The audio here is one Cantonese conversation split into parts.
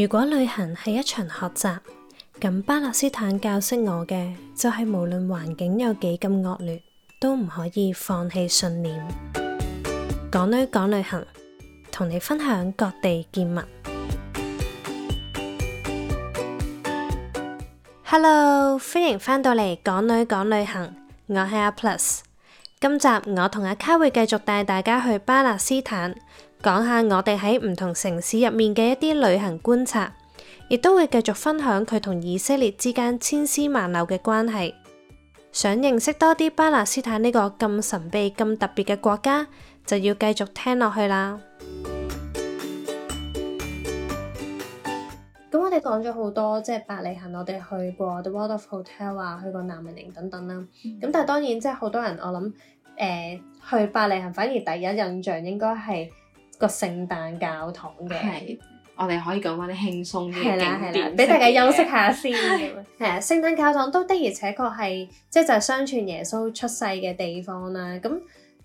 如果旅行係一場學習，咁巴勒斯坦教識我嘅就係無論環境有幾咁惡劣，都唔可以放棄信念。港女講旅行，同你分享各地見聞。Hello，歡迎返到嚟《港女講旅行》，我係阿 Plus。今集我同阿卡會繼續帶大家去巴勒斯坦。講下我哋喺唔同城市入面嘅一啲旅行觀察，亦都會繼續分享佢同以色列之間千絲萬縷嘅關係。想認識多啲巴勒斯坦呢個咁神秘、咁特別嘅國家，就要繼續聽落去啦。咁我哋講咗好多，即係伯利恆，我哋去過 The Walled Off Hotel 啊，去過難民營等等啦。咁 但係當然，即係好多人我諗誒、呃、去伯利恆，反而第一印象應該係。個聖誕教堂嘅係， 我哋可以講翻啲輕鬆啲係啦，係啦，俾 大家休息下先。係啊， 聖誕教堂都的而且確係，即係就係、是、相傳耶穌出世嘅地方啦。咁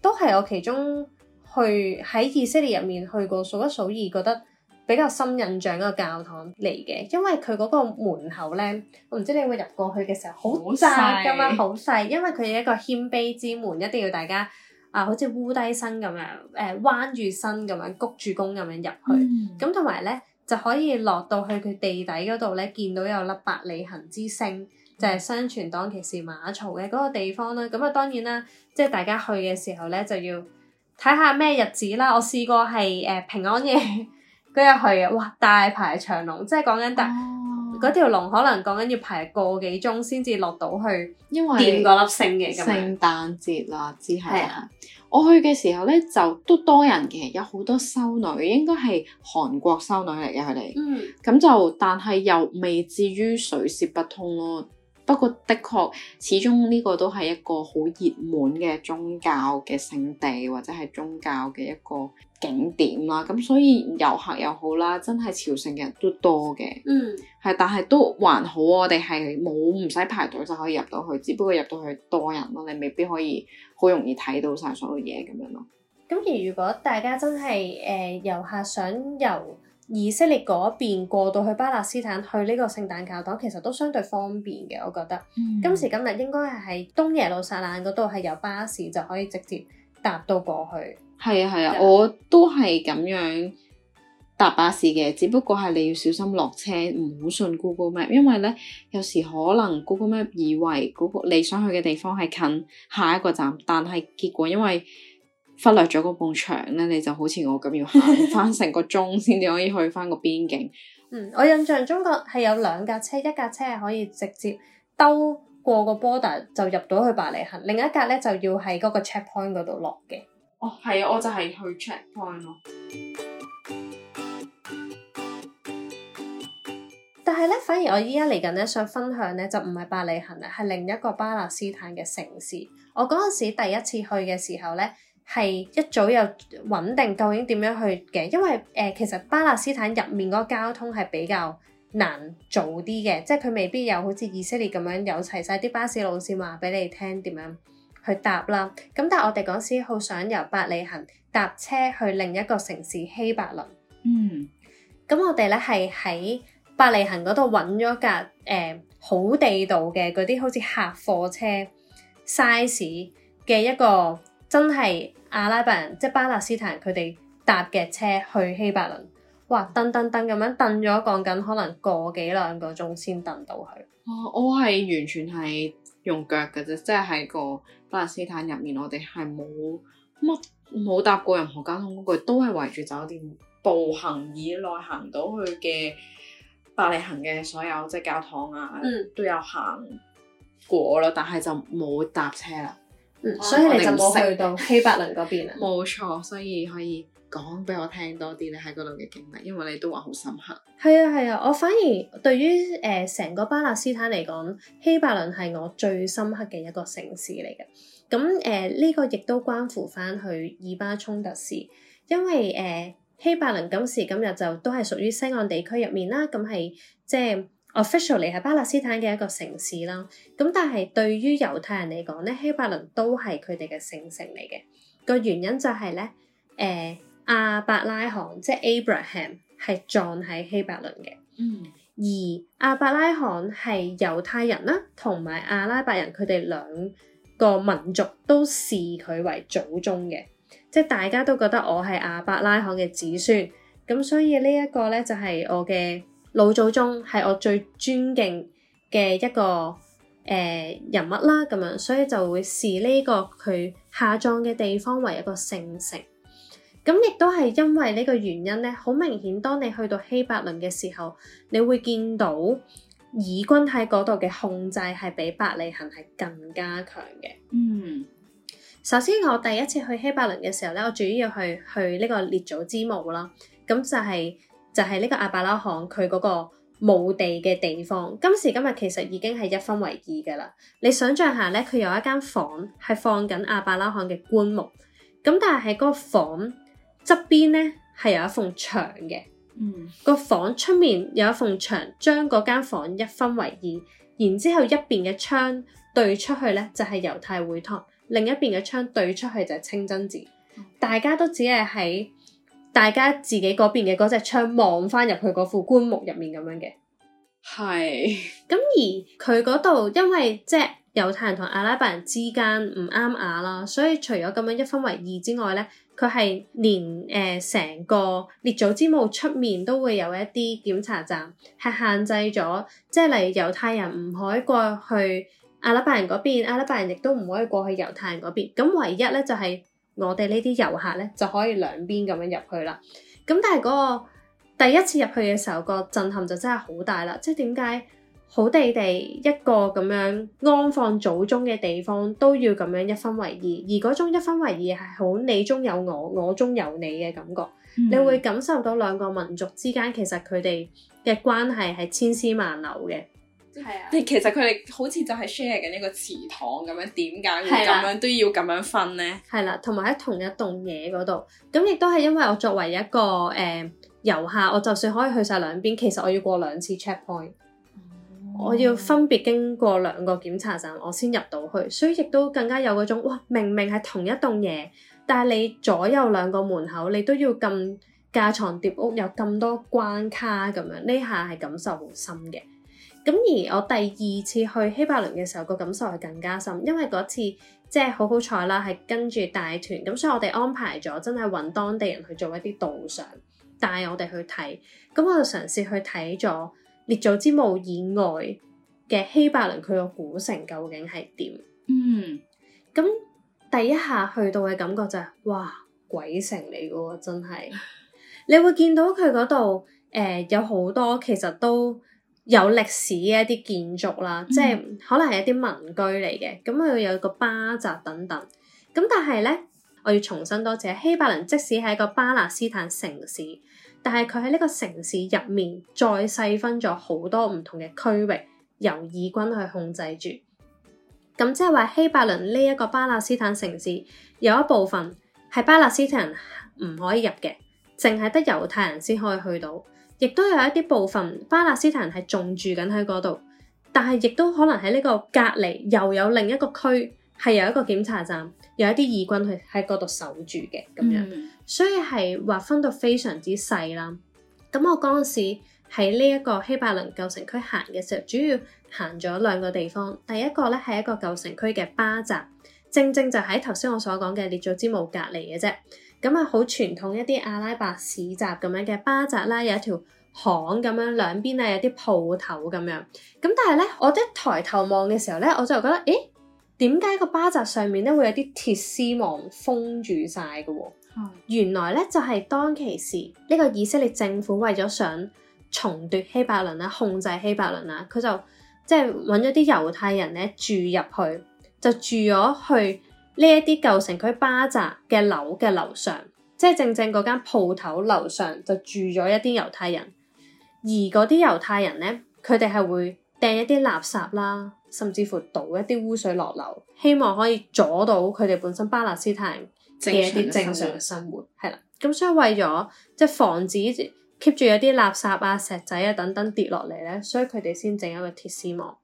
都係我其中去喺以色列入面去過數一數二，覺得比較深印象一個教堂嚟嘅，因為佢嗰個門口咧，我唔知你有冇入過去嘅時候好窄噶嘛，好細小，因為佢係一個謙卑之門，一定要大家。啊，好似烏低身咁樣，誒、呃、彎住身咁樣，谷住弓咁樣入去，咁同埋咧就可以落到去佢地底嗰度咧，見到有粒伯利恆之星，就係相傳當其時馬槽嘅嗰個地方啦。咁啊，當然啦，即係大家去嘅時候咧，就要睇下咩日子啦。我試過係誒、呃、平安夜嗰 日去嘅，哇，大排長龍，即係講緊大。啊嗰、嗯、條龍可能講緊要排個幾鐘先至落到去，因為掂嗰粒星嘅。聖誕節啦，之後係啊，我去嘅時候咧就都多人嘅，有好多修女，應該係韓國修女嚟嘅佢哋。嗯，咁就但係又未至於水泄不通咯。不過，的確始終呢個都係一個好熱門嘅宗教嘅聖地，或者係宗教嘅一個景點啦。咁所以遊客又好啦，真係朝聖嘅人都多嘅。嗯，係，但係都還好，我哋係冇唔使排隊就可以入到去，只不過入到去多人咯，你未必可以好容易睇到晒所有嘢咁樣咯。咁而如果大家真係誒、呃、遊客想遊，以色列嗰邊過到去巴勒斯坦去呢個聖誕教堂，其實都相對方便嘅，我覺得。嗯，今時今日應該係喺東耶路撒冷嗰度係有巴士就可以直接搭到過去。係啊係啊，啊我都係咁樣搭巴士嘅，只不過係你要小心落車，唔好信 Google Map，因為咧有時可能 Google Map 以為你想去嘅地方係近下一個站，但係結果因為，忽略咗嗰埲牆咧，你就好似我咁要行翻成個鐘先至可以去翻個邊境。嗯，我印象中個係有兩架車，一架車係可以直接兜過個 border 就入到去伯利恆，另一架咧就要喺嗰個 checkpoint 度落嘅。哦，係啊，我就係去 checkpoint 咯。但係咧，反而我依家嚟緊咧，想分享咧就唔係伯利恆啦，係另一個巴勒斯坦嘅城市。我嗰陣時第一次去嘅時候咧。係一早有揾定，究竟點樣去嘅？因為誒、呃，其實巴勒斯坦入面嗰個交通係比較難做啲嘅，即係佢未必有好似以色列咁樣有齊晒啲巴士路線，話俾你聽點樣去搭啦。咁但係我哋嗰時好想由伯利恆搭車去另一個城市希伯崙。嗯，咁我哋咧係喺伯利恆嗰度揾咗架誒好地道嘅嗰啲好似客貨車 size 嘅一個。真係阿拉伯人，即係巴勒斯坦人，佢哋搭嘅車去希伯崙，哇，蹬蹬蹬咁樣蹬咗，降緊可能個幾兩個鐘先蹬到去。啊、哦，我係完全係用腳嘅啫，即係喺個巴勒斯坦入面，我哋係冇乜冇搭過任何交通工具，都係圍住酒店步行以內行到去嘅百里行嘅所有，即係教堂啊、嗯，都有行過啦，但係就冇搭車啦。嗯啊、所以你就冇去到希伯倫嗰邊啊？冇 錯，所以可以講俾我聽多啲你喺嗰度嘅經歷，因為你都話好深刻。係啊係啊，我反而對於誒成、呃、個巴勒斯坦嚟講，希伯倫係我最深刻嘅一個城市嚟嘅。咁誒呢個亦都關乎翻去以巴衝突時，因為誒希、呃、伯倫今時今日就都係屬於西岸地區入面啦，咁係即係，就是 officially 係巴勒斯坦嘅一個城市啦，咁但係對於猶太人嚟講咧，希伯崙都係佢哋嘅聖城嚟嘅。個原因就係咧，誒、呃、阿伯拉罕即係 Abraham 係葬喺希伯崙嘅，而阿伯拉罕係猶太人啦，同埋阿拉伯人佢哋兩個民族都視佢為祖宗嘅，即係大家都覺得我係阿伯拉罕嘅子孫，咁所以呢一個咧就係我嘅。老祖宗係我最尊敬嘅一個誒、呃、人物啦，咁樣所以就會視呢個佢下葬嘅地方為一個聖城。咁亦都係因為呢個原因咧，好明顯，當你去到希伯崙嘅時候，你會見到以軍喺嗰度嘅控制係比伯利恆係更加強嘅。嗯，首先我第一次去希伯崙嘅時候咧，我主要去去呢個列祖之墓啦，咁就係、是。就係呢個阿伯拉罕佢嗰個墓地嘅地方，今時今日其實已經係一分為二噶啦。你想象下咧，佢有一間房係放緊阿伯拉罕嘅棺木，咁但係喺嗰個房側邊咧係有一幅牆嘅，個、嗯、房出面有一幅牆將嗰間房一分為二，然之後一邊嘅窗對出去咧就係、是、猶太會堂，另一邊嘅窗對出去就係清真寺，大家都只係喺。大家自己嗰邊嘅嗰隻窗望翻入去嗰副棺木入面咁樣嘅，係是。咁而佢嗰度，因為即係猶太人同阿拉伯人之間唔啱眼啦，所以除咗咁樣一分為二之外咧，佢係連誒成、呃、個列祖之墓出面都會有一啲檢查站，係限制咗，即、就、係、是、例如猶太人唔可以過去阿拉伯人嗰邊，阿拉伯人亦都唔可以過去猶太人嗰邊。咁唯一咧就係、是。我哋呢啲遊客咧，就可以兩邊咁樣入去啦。咁但係嗰個第一次入去嘅時候，個震撼就真係好大啦。即係點解好地地一個咁樣安放祖宗嘅地方，都要咁樣一分為二？而嗰種一分為二係好你中有我，我中有你嘅感覺。Mm hmm. 你會感受到兩個民族之間其實佢哋嘅關係係千絲萬縷嘅。係啊，但其實佢哋好似就係 share 緊一個祠堂咁樣，點解會咁樣都要咁樣分呢？係啦、啊，同埋喺同一棟嘢嗰度，咁亦都係因為我作為一個誒、呃、遊客，我就算可以去晒兩邊，其實我要過兩次 check point、嗯、我要分別經過兩個檢查站，我先入到去，所以亦都更加有嗰種哇，明明係同一棟嘢，但係你左右兩個門口你都要咁架床疊屋，有咁多關卡咁樣，呢下係感受好深嘅。咁而我第二次去希伯崙嘅時候，個感受係更加深，因為嗰次即係好好彩啦，係跟住大團，咁所以我哋安排咗真係揾當地人去做一啲導賞，帶我哋去睇。咁我就嘗試去睇咗列祖之墓以外嘅希伯崙佢個古城究竟係點。嗯，咁第一下去到嘅感覺就係、是，哇，鬼城嚟噶喎，真係。你會見到佢嗰度，誒、呃，有好多其實都。有歷史嘅一啲建築啦，嗯、即係可能係一啲民居嚟嘅，咁佢有個巴扎等等。咁但係呢，我要重申多次希伯崙，即使係一個巴勒斯坦城市，但係佢喺呢個城市入面再細分咗好多唔同嘅區域，由以軍去控制住。咁即係話希伯崙呢一個巴勒斯坦城市，有一部分係巴勒斯坦人唔可以入嘅，淨係得猶太人先可以去到。亦都有一啲部分巴勒斯坦人係仲住緊喺嗰度，但係亦都可能喺呢個隔離又有另一個區係有一個檢查站，有一啲義軍去喺嗰度守住嘅咁樣，嗯、所以係劃分到非常之細啦。咁我嗰陣時喺呢一個希伯崙舊城區行嘅時候，主要行咗兩個地方，第一個咧係一個舊城區嘅巴扎，正正就喺頭先我所講嘅列祖之墓隔離嘅啫。咁啊，好傳統一啲阿拉伯市集咁樣嘅巴扎啦，有一條巷咁樣，兩邊啊有啲鋪頭咁樣。咁但係咧，我一抬頭望嘅時候咧，我就覺得，咦、欸，點解個巴扎上面咧會有啲鐵絲網封住晒嘅喎？嗯、原來咧就係當其時呢、呢個以色列政府為咗想重奪希伯崙啦，控制希伯崙啊，佢就即係揾咗啲猶太人咧住入去，就住咗去。呢一啲舊城區巴扎嘅樓嘅樓上，即係正正嗰間鋪頭樓上就住咗一啲猶太人，而嗰啲猶太人咧，佢哋係會掟一啲垃圾啦，甚至乎倒一啲污水落樓，希望可以阻到佢哋本身巴勒斯坦人嘅一啲正常嘅生活。係啦，咁所以為咗即係防止 keep 住有啲垃圾啊、石仔啊等等跌落嚟咧，所以佢哋先整一個鐵絲網。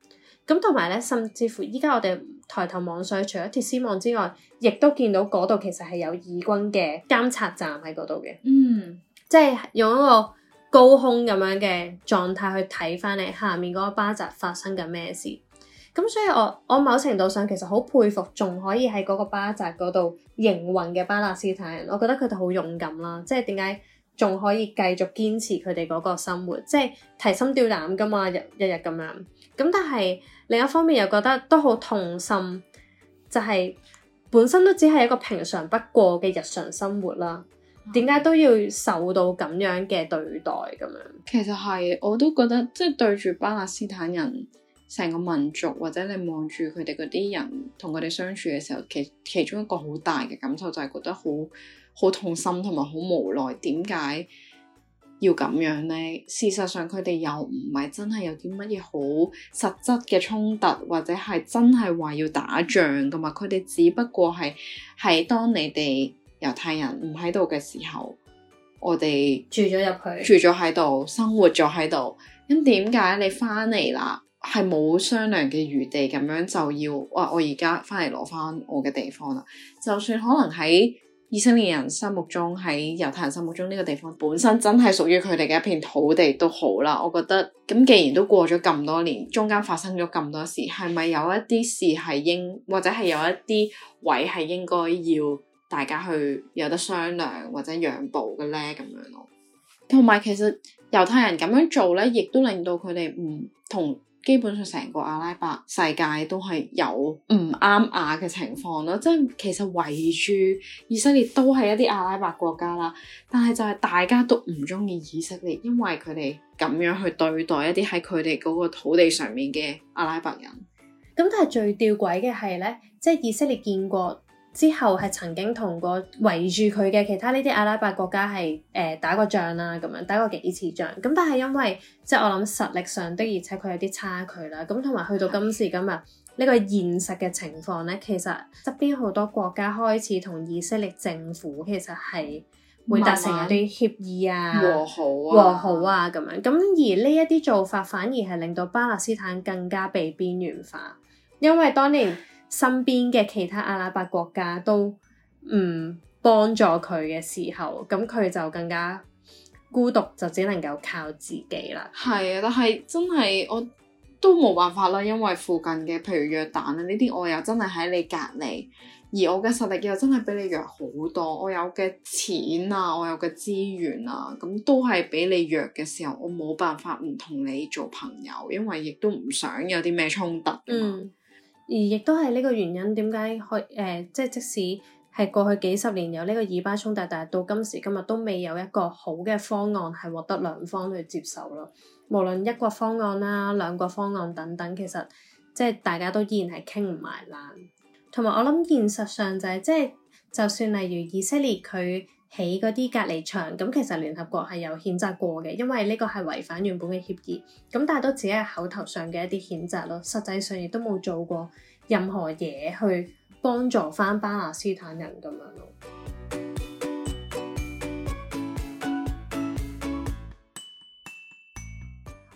咁同埋咧，甚至乎依家我哋抬頭望上，除咗鐵絲網之外，亦都見到嗰度其實係有以軍嘅監察站喺嗰度嘅。嗯，即係用一個高空咁樣嘅狀態去睇翻你下面嗰個巴扎發生緊咩事。咁所以我我某程度上其實好佩服，仲可以喺嗰個巴扎嗰度營運嘅巴勒斯坦人。我覺得佢哋好勇敢啦，即係點解仲可以繼續堅持佢哋嗰個生活？即係提心吊膽噶嘛，日一日咁樣。咁但係另一方面又覺得都好痛心，就係本身都只係一個平常不過嘅日常生活啦，點解都要受到咁樣嘅對待咁樣？其實係我都覺得即係對住巴勒斯坦人成個民族，或者你望住佢哋嗰啲人同佢哋相處嘅時候，其其中一個好大嘅感受就係覺得好好痛心同埋好無奈，點解要咁樣呢？事實上佢哋又唔係真係有啲乜嘢好實質嘅衝突，或者係真係話要打仗噶嘛？佢哋只不過係係當你哋猶太人唔喺度嘅時候，我哋住咗入去，住咗喺度，生活咗喺度。咁點解你翻嚟啦？係冇商量嘅餘地，咁樣就要哇！我而家翻嚟攞翻我嘅地方啦。就算可能喺以色列人心目中，喺猶太人心目中呢個地方本身真係屬於佢哋嘅一片土地都好啦，我覺得咁既然都過咗咁多年，中間發生咗咁多事，係咪有一啲事係應或者係有一啲位係應該要大家去有得商量或者讓步嘅咧？咁樣咯，同埋其實猶太人咁樣做咧，亦都令到佢哋唔同。基本上成個阿拉伯世界都係有唔啱眼嘅情況囉，即係其實圍住以色列都係一啲阿拉伯國家啦，但係就係大家都唔中意以色列，因為佢哋咁樣去對待一啲喺佢哋嗰個土地上面嘅阿拉伯人。咁但係最吊詭嘅係呢，即係以色列見過。之後係曾經同過圍住佢嘅其他呢啲阿拉伯國家係誒、呃、打過仗啦、啊，咁樣打過幾次仗。咁但係因為即係我諗實力上的，而且佢有啲差距啦。咁同埋去到今時今日呢的個現實嘅情況呢，其實側邊好多國家開始同以色列政府其實係會達成一啲協議啊、和好、啊，和好啊咁、啊、樣。咁而呢一啲做法反而係令到巴勒斯坦更加被邊緣化，因為當年 身邊嘅其他阿拉伯國家都唔幫助佢嘅時候，咁佢就更加孤獨，就只能夠靠自己啦。係啊，但係真係我都冇辦法啦，因為附近嘅譬如約旦啊呢啲，我又真係喺你隔離，而我嘅實力又真係比你弱好多，我有嘅錢啊，我有嘅資源啊，咁都係比你弱嘅時候，我冇辦法唔同你做朋友，因為亦都唔想有啲咩衝突。嗯。而亦都係呢個原因，點解去誒，即係即使係過去幾十年有呢個以巴衝突，但係到今時今日都未有一個好嘅方案係獲得兩方去接受咯。無論一個方案啦、啊、兩個方案等等，其實即係大家都依然係傾唔埋欄。同埋我諗現實上就係即係，就算例如以色列佢起嗰啲隔離牆，咁其實聯合國係有譴責過嘅，因為呢個係違反原本嘅協議。咁但係都只係口頭上嘅一啲譴責咯，實際上亦都冇做過任何嘢去幫助返巴勒斯坦人咁樣咯。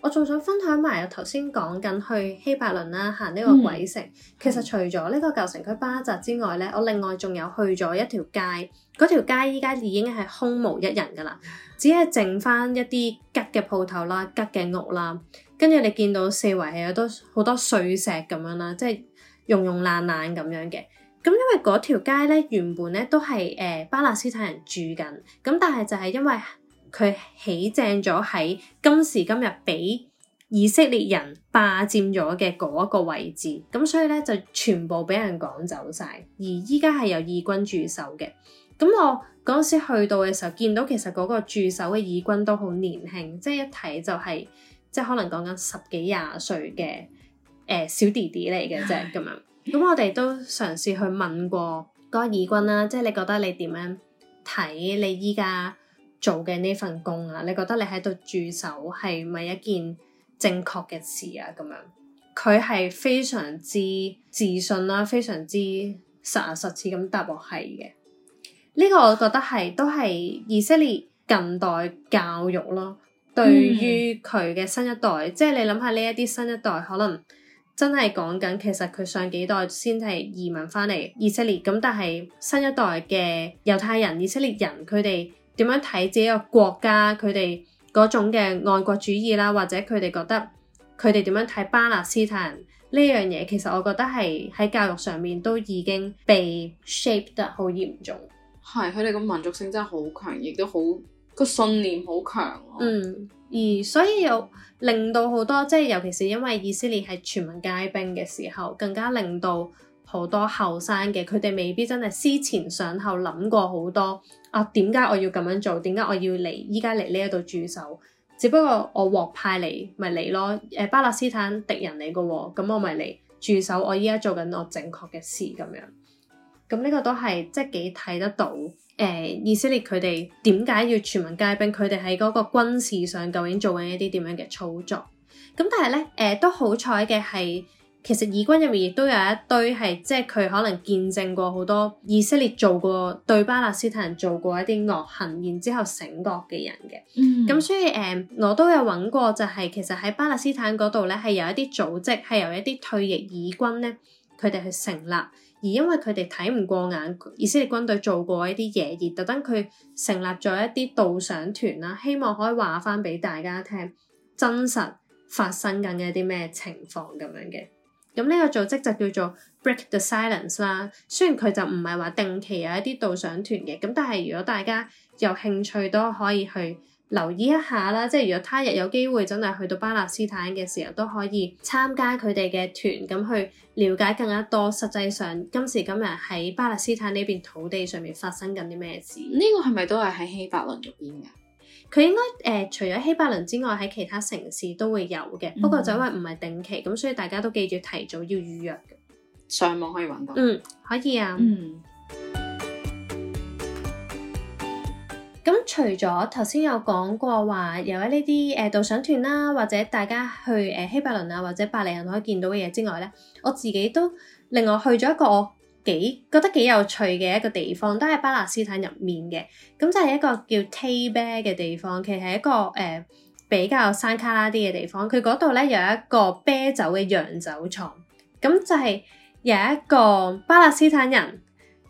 我仲想分享埋啊，頭先講緊去希伯崙啦，行呢個鬼城。嗯、其實除咗呢個舊城區巴扎之外咧，我另外仲有去咗一條街。嗰條街依家已經係空無一人噶啦，只係剩翻一啲吉嘅鋪頭啦、吉嘅屋啦。跟住你見到四圍係有多好多碎石咁樣啦，即係融融爛爛咁樣嘅。咁因為嗰條街咧原本咧都係誒、呃、巴勒斯坦人住緊，咁但係就係因為。佢起正咗喺今時今日俾以色列人霸佔咗嘅嗰個位置，咁所以呢，就全部俾人趕走晒。而依家係由義軍駐守嘅。咁我嗰時去到嘅時候，見到其實嗰個駐守嘅義軍都好年輕，即係一睇就係、是、即係可能講緊十幾廿歲嘅誒、呃、小弟弟嚟嘅啫咁樣。咁我哋都嘗試去問過嗰個義軍啦、啊，即係你覺得你點樣睇你依家，做嘅呢份工啊，你覺得你喺度駐守係咪一件正確嘅事啊？咁樣，佢係非常之自信啦，非常之實牙實齒咁答我係嘅。呢、這個我覺得係都係以色列近代教育咯，對於佢嘅新一代，嗯、即係你諗下呢一啲新一代，可能真係講緊，其實佢上幾代先係移民翻嚟以色列咁，但係新一代嘅猶太人、以色列人佢哋。點樣睇自己個國家，佢哋嗰種嘅愛國主義啦，或者佢哋覺得佢哋點樣睇巴勒斯坦呢樣嘢，其實我覺得係喺教育上面都已經被 shape 得好嚴重。係，佢哋個民族性真係好強，亦都好、嗰個信念好強啊。嗯，而所以又令到好多，即係尤其是因為以色列係全民皆兵嘅時候，更加令到。好多後生嘅，佢哋未必真係思前想後諗過好多啊。點解我要咁樣做？點解我要嚟依家嚟呢一度駐守？只不過我獲派嚟，咪嚟咯。誒巴勒斯坦敵人嚟嘅喎，咁我咪嚟駐守。我依家做緊我正確嘅事咁樣。咁呢個都係即係幾睇得到誒？以色列佢哋點解要全民皆兵？佢哋喺嗰個軍事上究竟做緊一啲點樣嘅操作？咁但係咧誒，都好彩嘅係。其實以軍入面亦都有一堆係即係佢可能見證過好多以色列做過對巴勒斯坦人做過一啲惡行，然之後醒覺嘅人嘅。咁、mm hmm. 所以誒，我都有揾過、就係，就係其實喺巴勒斯坦嗰度咧，係有一啲組織係由一啲退役以軍咧，佢哋去成立，而因為佢哋睇唔過眼以色列軍隊做過一啲嘢，而特登佢成立咗一啲導賞團啦，希望可以話翻俾大家聽真實發生緊嘅一啲咩情況咁樣嘅。咁呢個組織就叫做 Break the Silence 啦。雖然佢就唔係話定期有一啲導賞團嘅，咁但係如果大家有興趣都可以去留意一下啦。即係如果他日有機會真係去到巴勒斯坦嘅時候，都可以參加佢哋嘅團，咁去了解更加多。實際上今時今日喺巴勒斯坦呢邊土地上面發生緊啲咩事？呢個係咪都係喺希伯崙入邊㗎？佢應該誒、呃，除咗希伯崙之外，喺其他城市都會有嘅。嗯、不過就因為唔係定期，咁所以大家都記住提早要預約。上網可以揾到，嗯，可以啊，嗯。咁除咗頭先有講過話有呢啲誒導賞團啦、啊，或者大家去誒希、呃、伯崙啊，或者伯利恆可以見到嘅嘢之外咧，我自己都另外去咗一個。幾覺得幾有趣嘅一個地方，都係巴勒斯坦入面嘅。咁就係一個叫 Taybeh 嘅地方，其實係一個誒、呃、比較山卡拉啲嘅地方。佢嗰度呢，有一個啤酒嘅洋酒廠。咁就係有一個巴勒斯坦人，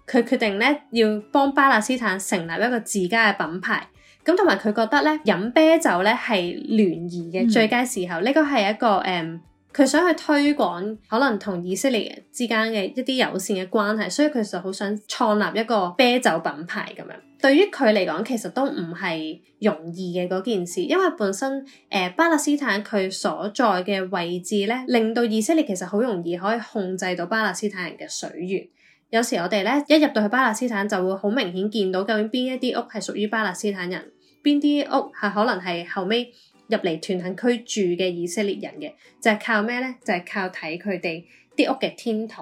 佢決定呢要幫巴勒斯坦成立一個自家嘅品牌。咁同埋佢覺得呢飲啤酒呢係聯誼嘅最佳時候。呢、這個係一個誒。呃佢想去推廣可能同以色列人之間嘅一啲友善嘅關係，所以佢就好想創立一個啤酒品牌咁樣。對於佢嚟講，其實都唔係容易嘅嗰件事，因為本身誒、呃、巴勒斯坦佢所在嘅位置咧，令到以色列其實好容易可以控制到巴勒斯坦人嘅水源。有時我哋咧一入到去巴勒斯坦就會好明顯見到究竟邊一啲屋係屬於巴勒斯坦人，邊啲屋係可能係後尾，入嚟屯墾區住嘅以色列人嘅，就係、是、靠咩咧？就係、是、靠睇佢哋啲屋嘅天台。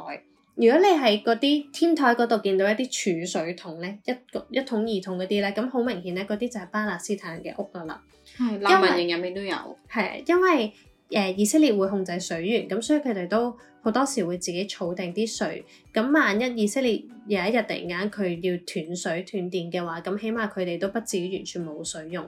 如果你喺嗰啲天台嗰度見到一啲儲水桶咧，一一桶二桶嗰啲咧，咁好明顯咧，嗰啲就係巴勒斯坦嘅屋噶啦。係，難民營入面都有。係，因為誒、呃、以色列會控制水源，咁所以佢哋都好多時會自己儲定啲水。咁萬一以色列有一日突然間佢要斷水斷電嘅話，咁起碼佢哋都不至於完全冇水用。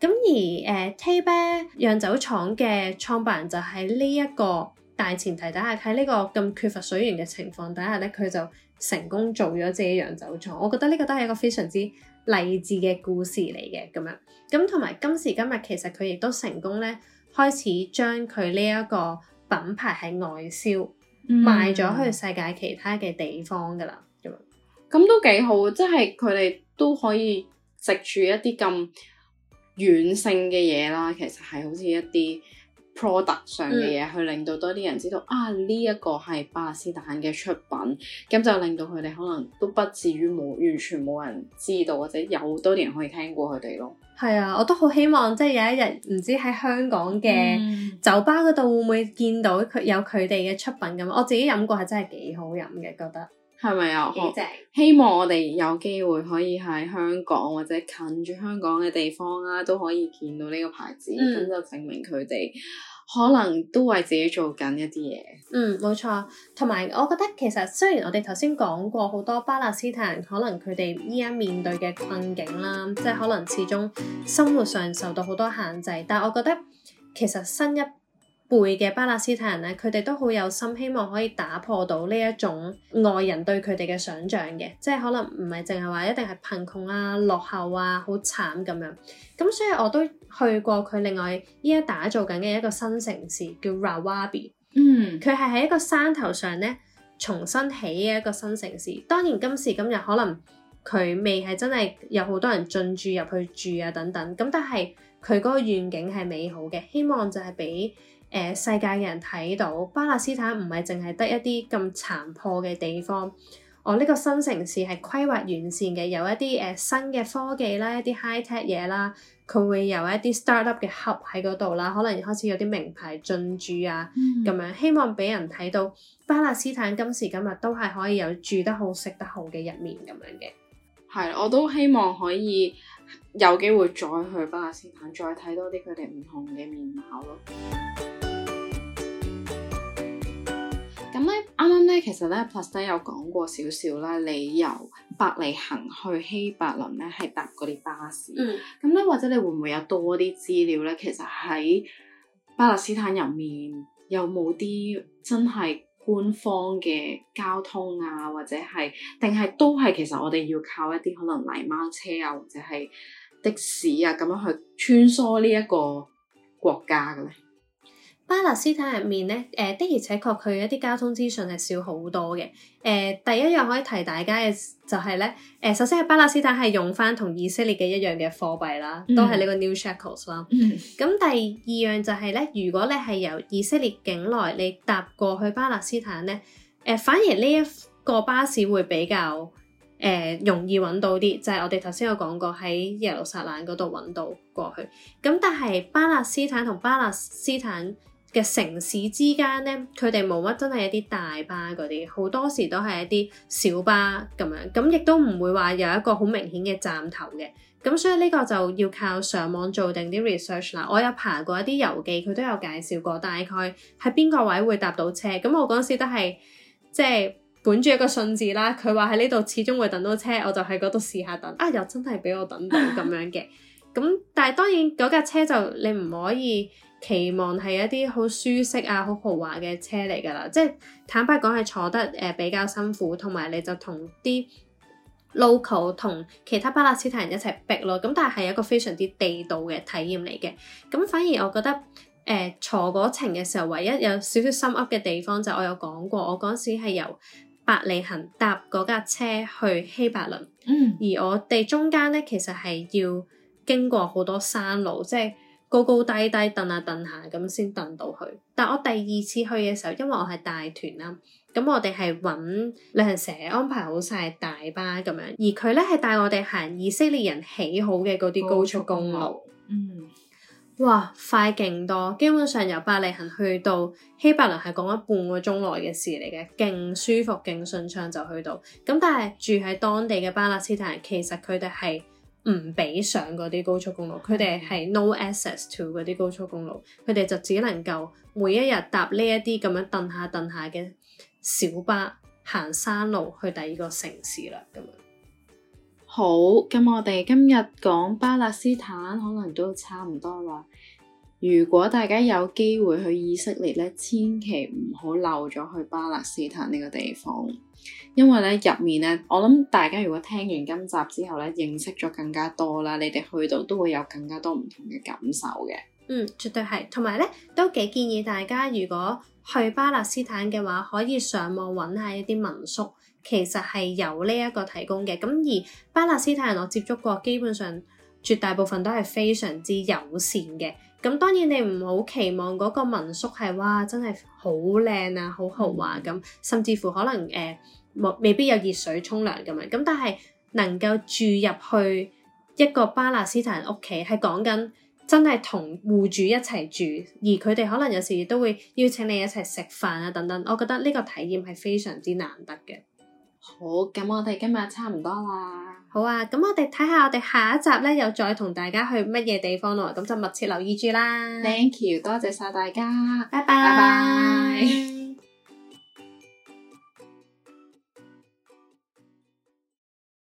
咁而誒，Taybeh、呃、釀酒廠嘅創辦人就喺呢一個大前提底下，喺呢個咁缺乏水源嘅情況底下咧，佢就成功做咗自己釀酒廠。我覺得呢個都係一個非常之勵志嘅故事嚟嘅咁樣。咁同埋今時今日，其實佢亦都成功咧，開始將佢呢一個品牌喺外銷，嗯、賣咗去世界其他嘅地方噶啦。咁都幾好，即係佢哋都可以食住一啲咁。軟性嘅嘢啦，其實係好似一啲 product 上嘅嘢，去、嗯、令到多啲人知道啊，呢一個係巴勒斯坦嘅出品，咁就令到佢哋可能都不至於冇完全冇人知道，或者有多啲人可以聽過佢哋咯。係啊，我都好希望即係、就是、有一日唔知喺香港嘅酒吧嗰度會唔會見到佢有佢哋嘅出品咁，嗯、我自己飲過係真係幾好飲嘅，覺得。係咪啊？好，希望我哋有機會可以喺香港或者近住香港嘅地方啦，都可以見到呢個牌子，咁、嗯、就證明佢哋可能都為自己做緊一啲嘢。嗯，冇錯。同埋我覺得其實雖然我哋頭先講過好多巴勒斯坦人，可能佢哋依家面對嘅困境啦，即、就、係、是、可能始終生活上受到好多限制，但係我覺得其實新一背嘅巴勒斯坦人咧，佢哋都好有心，希望可以打破到呢一種外人對佢哋嘅想象嘅，即係可能唔係淨係話一定係貧窮啊、落後啊、好慘咁樣。咁所以我都去過佢另外依家打造緊嘅一個新城市，叫 Rawabi。嗯，佢係喺一個山頭上咧重新起嘅一個新城市。當然今時今日可能佢未係真係有好多人進駐入去住啊等等。咁但係佢嗰個願景係美好嘅，希望就係俾。誒，世界嘅人睇到巴勒斯坦唔係淨係得一啲咁殘破嘅地方，我呢個新城市係規劃完善嘅，有一啲誒、呃、新嘅科技啦，一啲 high tech 嘢啦，佢會有一啲 start up 嘅盒喺嗰度啦，可能開始有啲名牌進駐啊，咁、嗯、樣希望俾人睇到巴勒斯坦今時今日都係可以有住得好、食得好嘅一面咁樣嘅。係，我都希望可以有機會再去巴勒斯坦，再睇多啲佢哋唔同嘅面貌咯。其實咧，Plus 仔有講過少少啦。你由伯利恆去希伯崙咧，係搭嗰啲巴士。咁咧、嗯，或者你會唔會有多啲資料咧？其實喺巴勒斯坦入面，有冇啲真係官方嘅交通啊？或者係，定係都係其實我哋要靠一啲可能泥鯭車啊，或者係的士啊，咁樣去穿梭呢一個國家嘅咧？巴勒斯坦入面咧，誒、呃、的而且確佢一啲交通資訊係少好多嘅。誒、呃，第一樣可以提大家嘅就係、是、咧，誒、呃，首先係巴勒斯坦係用翻同以色列嘅一樣嘅貨幣啦，都係呢個 new shekels 啦。咁、嗯嗯、第二樣就係、是、咧，如果你係由以色列境內你搭過去巴勒斯坦咧，誒、呃，反而呢一個巴士會比較誒、呃、容易揾到啲，就係、是、我哋頭先有講過喺耶路撒冷嗰度揾到過去。咁但係巴勒斯坦同巴勒斯坦嘅城市之間咧，佢哋冇乜真係一啲大巴嗰啲，好多時都係一啲小巴咁樣，咁亦都唔會話有一個好明顯嘅站頭嘅，咁所以呢個就要靠上網做定啲 research 啦。我有爬過一啲遊記，佢都有介紹過大概喺邊個位會搭到車。咁我嗰陣時都係即係本住一個信字啦，佢話喺呢度始終會等到車，我就喺嗰度試下等，啊又真係俾我等到咁樣嘅。咁但係當然嗰架車就你唔可以。期望係一啲好舒適啊、好豪華嘅車嚟㗎啦，即係坦白講係坐得誒、呃、比較辛苦，同埋你就同啲 local 同其他巴勒斯坦人一齊逼咯，咁但係係一個非常之地道嘅體驗嚟嘅。咁、嗯、反而我覺得誒、呃、坐嗰程嘅時候，唯一有少少心噏嘅地方就係我有講過，我嗰時係由伯利恆搭嗰架車去希伯崙，嗯、而我哋中間咧其實係要經過好多山路，即係。高高低低，蹬下蹬下咁先蹬到去。但我第二次去嘅時候，因為我係大團啦，咁我哋係揾旅行社安排好晒大巴咁樣，而佢咧係帶我哋行以色列人起好嘅嗰啲高速公路。嗯，哇，快勁多！基本上由伯利恆去到希伯崙係講咗半個鐘內嘅事嚟嘅，勁舒服勁順暢就去到。咁但係住喺當地嘅巴勒斯坦其實佢哋係。唔俾上嗰啲高速公路，佢哋係 no access to 嗰啲高速公路，佢哋就只能夠每一日搭呢一啲咁樣蹬下蹬下嘅小巴行山路去第二個城市啦咁樣。好，咁我哋今日講巴勒斯坦，可能都差唔多啦。如果大家有機會去以色列咧，千祈唔好漏咗去巴勒斯坦呢個地方，因為咧入面咧，我諗大家如果聽完今集之後咧，認識咗更加多啦，你哋去到都會有更加多唔同嘅感受嘅。嗯，絕對係，同埋咧都幾建議大家，如果去巴勒斯坦嘅話，可以上網揾下一啲民宿，其實係有呢一個提供嘅。咁而巴勒斯坦人我接觸過，基本上絕大部分都係非常之友善嘅。咁當然你唔好期望嗰個民宿係哇真係好靚啊，好豪華咁，甚至乎可能誒冇、呃、未必有熱水沖涼咁樣。咁但係能夠住入去一個巴勒斯坦人屋企，係講緊真係同戶主一齊住，而佢哋可能有時都會邀請你一齊食飯啊等等。我覺得呢個體驗係非常之難得嘅。好，咁我哋今日差唔多啦。好啊，咁我哋睇下我哋下一集咧，又再同大家去乜嘢地方咯，咁就密切留意住啦。Thank you，多謝晒大家。拜拜 bye。拜拜。